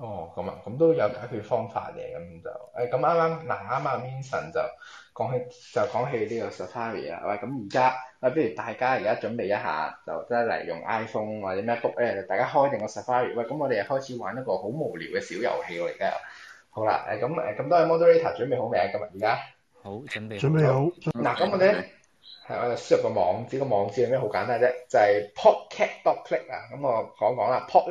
哦，咁啊，咁都有解決方法嘅，咁就，誒、欸，咁啱啱嗱，啱啱阿 Winson 就講起，就講起呢個 Safari 啊，喂，咁而家，不如大家而家準備一下，就即係嚟用 iPhone 或者 MacBook 咧，大家開定個 Safari，喂，咁我哋又開始玩一個好無聊嘅小遊戲嚟嘅。好啦，誒、欸，咁咁多位 moderator 準備好未啊？咁而家好準備好，嗱好，咁我哋咧係我哋輸入個網址，個網址有咩？好簡單啫，就係 Popcat.click 啊，咁我講講啦 Pop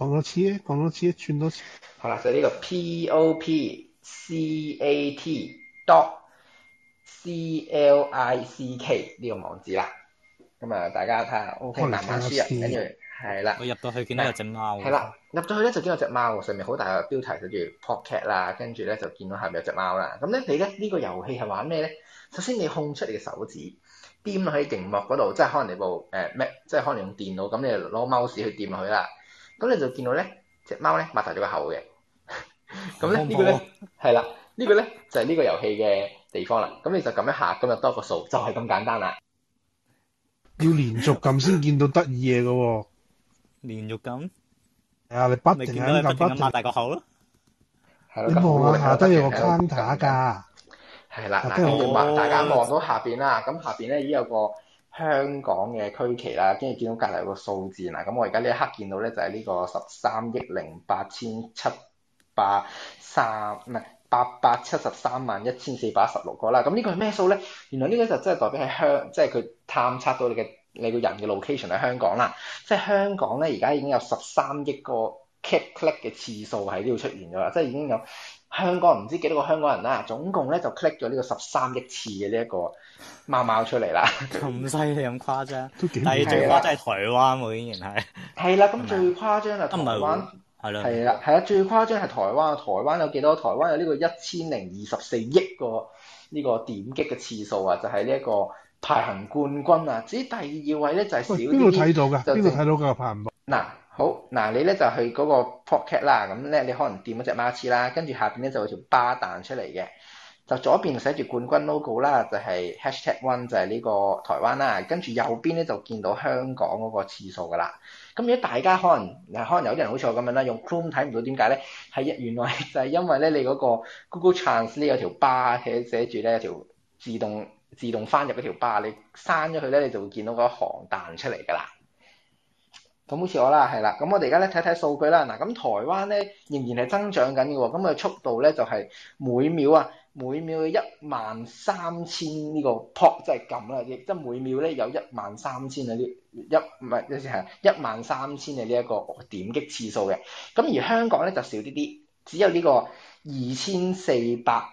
講多次咧，講多次一轉多次。次次好啦，就呢、呢個 p o p c a t dot c l i c k 呢個網址啦。咁啊，大家睇下，OK，慢慢輸入，跟住係啦。我入到去看見到有隻貓。係啦，入到去咧就見到隻貓，上面好大個標題，寫住 Pocket，跟住 pop cat 啦，跟住咧就見到下面有隻貓啦。咁咧你咧呢、呢個遊戲係玩咩咧？首先你控出你嘅手指，掂喺熒幕嗰度，即係可能你部誒、呃、Mac 即係可能用電腦，咁你攞 mouse 去掂佢啦。咁你就見到咧，隻貓咧擘大咗個口嘅。咁咧呢個咧係啦，呢個咧就係呢個遊戲嘅地方啦。咁你就撳一下，咁就多個數，就係咁簡單啦。要連續撳先見到得意嘢嘅喎。連續撳，係啊，你不斷見到你撳，撳擘大個口咯。冇啊，下低有個 counter 㗎。係啦，都要大家望到下邊啦。咁下邊咧已經有個。香港嘅區旗啦，跟住見到隔籬個數字啦，咁我而家呢一刻見到咧就係、是、呢個十三億零八千七百三唔係八百七十三萬一千四百十六個啦，咁呢個係咩數咧？原來呢個就真係代表係香，即係佢探測到你嘅你個人嘅 location 喺香港啦，即、就、係、是、香港咧而家已經有十三億個 click click 嘅次數喺呢度出現咗啦，即係已經有。.香港唔知幾多個香港人啦，啊，總共咧就 click 咗呢個十三億次嘅呢一個貓貓出嚟啦。 咁犀利咁誇張？係 最誇張，真係台灣喎，竟然係。係啦，咁最誇張就台灣。係咯。係啦，係啦，最誇張係台灣啊！台灣有幾多？台灣有呢個一千零二十四億個呢個點擊嘅次數啊！就係呢一個排行冠軍啊！至於的第二位咧就少、是、啲。邊度睇到嘅？邊度睇到個排行榜？嗱。 好嗱，你咧就去嗰個 Popcat 啦，咁咧你可能掂咗隻馬刺啦，跟住下面咧就有條巴彈出嚟嘅，就左邊寫住冠軍 logo 啦，就係 Hashtag One 就係呢個台灣啦，跟住右邊咧就見到香港嗰個次數噶啦。咁如果大家可能可能有啲人好似我咁樣啦，用 Chrome 睇唔到點解咧？係一原來就係因為咧你嗰個 Google Chance 呢有條巴寫寫住咧條自動自動翻入嗰條巴，你刪咗佢咧你就會見到嗰行彈出嚟噶啦。咁好似我啦，係啦。咁我哋而家咧睇睇數據啦。嗱，咁台灣咧仍然係增長緊嘅喎，咁嘅速度咧就係每秒啊，每秒一萬三千呢個 pop 即係撳啦，即係每秒咧有一萬三千啊啲一唔係即係係一萬三千嘅呢一個點擊次數嘅。咁而香港咧就少啲啲，只有呢個二千四百，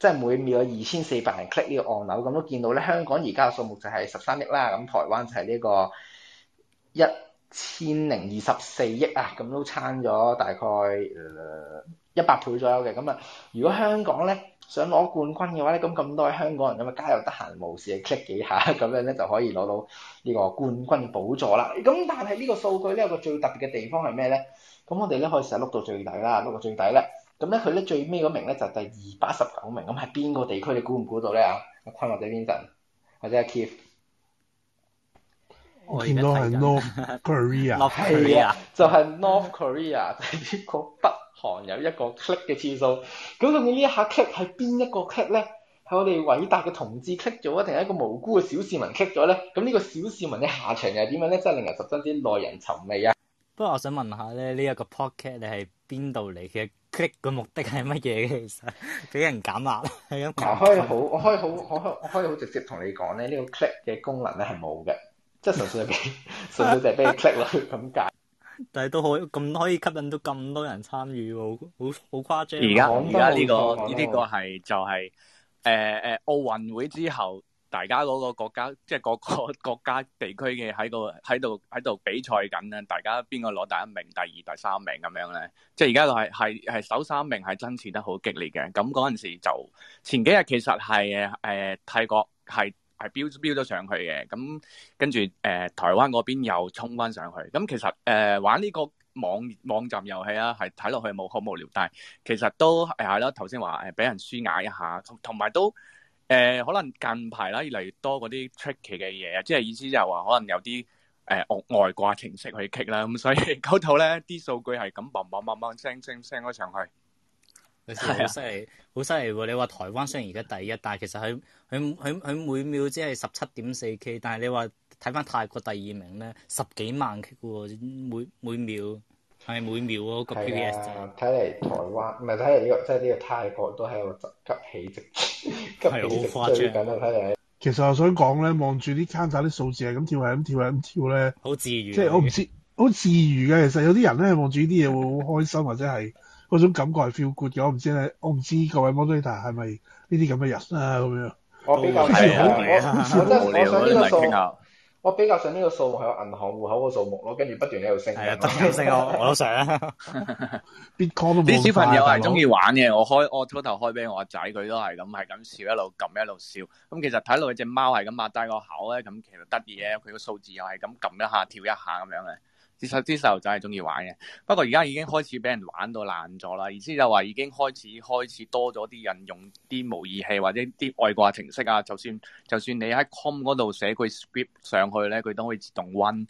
即係每秒有二千四百零 click 呢個按鈕。咁都見到咧，香港而家嘅數目就係十三億啦，咁台灣就係呢個一千零二十四億啊，咁都差咗大概一百、呃、倍左右嘅，咁、嗯、啊，如果香港咧想攞冠軍嘅話咧，咁咁多位香港人咁啊，加入得閒無事啊，click 幾下，咁樣咧就可以攞到呢個冠軍寶座啦。咁、嗯、但係呢個數據咧有個最特別嘅地方係咩咧？咁我哋咧可以成日碌到最底啦，碌到最底啦咁咧佢咧最尾嗰名咧就第二百十九名，咁係邊個地區？你估唔估到咧？阿坤或者 Winson 或者阿 Keith？我見到係 North Korea，就係 North Korea，就係呢個北韓有一個 click 嘅次數。咁究竟呢一下 click 係邊一個 click 咧？係我哋偉大嘅同志 click 咗啊，定係一個無辜嘅小市民 click 咗咧？咁呢個小市民嘅下場又係點樣咧？真係令人十分之耐人尋味啊！不過我想問一下咧，呢、這、一個 Popcat.click 你係邊度嚟嘅？click 嘅目的係乜嘢？其實俾 人減壓啊，係啊。嗱，可以好，我可以好，我可我可以好直接同你講咧，呢、這個 click 嘅功能咧係冇嘅。即係純粹俾純粹隻 click 咁解， 但係都可以咁可以吸引到咁多人參與喎，好好好誇張。而家而家呢個呢好個係就係、呃呃、奧運會之後，大家嗰個國家即係、就係、各個國家地區嘅喺度喺度喺度比賽緊咧，大家邊個攞第一名、第二、第三名咁樣咧？即係而家係係首三名係爭持得好激烈嘅。咁嗰陣時就前幾日其實係、呃、泰國係。係飚飚咗上去嘅，咁跟住台灣嗰邊又衝返上去。咁其實玩呢個網站遊戲啊，係睇落去冇好無聊，但係其實都係啦。頭先話誒俾人輸壓一下，同埋都可能近排啦，越嚟越多嗰啲 trick 嘅嘢，即係意思就係話可能有啲誒外外掛程式去 k 啦。咁所以嗰度咧啲數據係咁砰砰砰砰聲聲咗上去。好犀利，好犀利喎！你話台灣雖然而家第一，但係其實佢佢佢佢每秒只係十七點四 K，但係你話睇翻泰國第二名咧，十幾萬 K 喎，每秒是係每秒係每秒喎個 P P S，係啊。睇嚟有台灣唔係睇嚟呢個，即係呢個泰國都喺度係個急起直追，係好誇張。最簡單睇嚟，其實我想講咧，望住啲 counter 啲數字係咁跳係咁跳係咁跳咧，好自然。即係我唔知，好的自如嘅。其實有啲人咧望住呢啲嘢會好開心，或者係。嗰種感覺係 feel good 嘅，我唔知咧，我唔知各位 Moderator 係咪呢啲咁嘅人啊咁樣。我比較我比較想呢個數。我比較想呢個數係銀行戶口嘅數目咯，跟住不斷喺度升。係啊，得意升哦，我都想啊。啲小朋友係中意玩嘅，我開我初頭開俾我仔，佢都係咁係咁笑，一路撳一路笑。咁其實睇落去隻貓係咁擘大個口咧，咁其實得意嘅。佢個數字又係咁撳一下跳一下咁樣嘅。其實啲細路仔係中意玩嘅，不過而家已經開始俾人玩到爛咗啦。意思就話已經開始開始多咗啲人用啲模擬器或者啲外掛程式啊。就算就算你喺 com 嗰度寫句 script 上去咧，佢都可以自動 run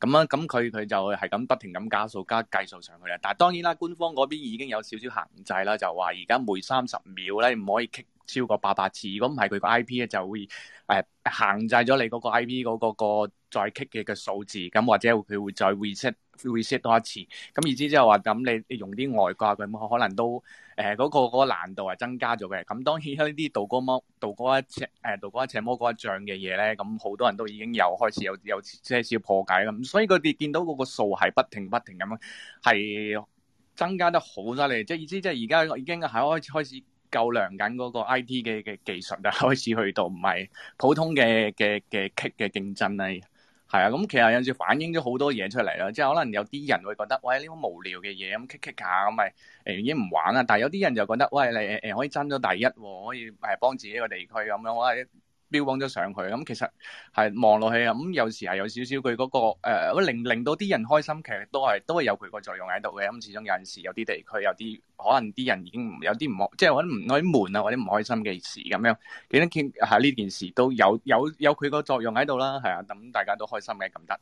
咁啊。咁佢佢就係咁不停咁加數加計數上去咧。但係當然啦，官方嗰邊已經有少少限制啦，就話而家每三十秒咧唔可以超過八百次，如果唔係佢個 I P 咧，就會誒限、呃、制咗你嗰個 I P 嗰、嗰個、嗰個嗰個再 kick 嘅個數字，咁或者佢會再 reset reset 多一次。咁意思即係話，咁你用啲外掛嘅，可能都誒嗰、呃嗰個嗰、嗰個、難度係增加咗嘅。咁當然呢啲道高魔道高一尺誒道高一尺魔高一丈嘅嘢咧，咁好多人都已經有開始有有些少破解咁，所以佢哋見到嗰個數係不停不停咁樣係增加得好犀利，即係意思即係而家已經係開始開始。較量緊嗰個 I T 嘅嘅技術就開始去到唔係普通嘅嘅嘅 click 嘅競爭啦，係啊，咁、嗯、其實有陣時反映咗好多嘢出嚟啦，即係可能有啲人會覺得，喂呢種無聊嘅嘢咁 click click 下咁咪誒已經唔玩啦，但係有啲人就覺得，喂你誒可以爭咗第一，可以誒幫自己個地區咁樣，我係。標榜咗上去，咁、嗯、其實係望落去啊，咁、嗯、有時係有少少佢嗰個誒、呃，令令到啲人開心，其實都係都係有佢個作用喺度嘅。咁、嗯、始終有陣時有啲地區有啲可能啲人已經有啲唔即係搵唔開悶啊或者唔開心嘅事咁樣，點解傾吓呢件事都有有有佢個作用喺度啦？係啊，等、嗯、大家都開心嘅咁得，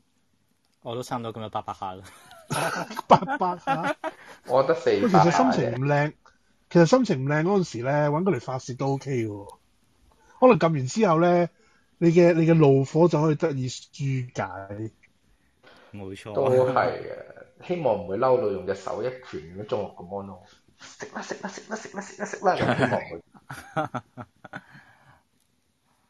我都差唔多今日八百下啦， 八百下，我覺得四百其實心情。其實心情唔靚，其實心情唔靚嗰陣時咧，搵佢嚟發泄都 OK 嘅。可能撳完之後咧，你嘅你嘅怒火就可以得以舒解。冇錯，都係嘅。希望唔會嬲到用隻手一拳咁中落個 mon 咯。食啦食啦食啦食啦食啦食啦咁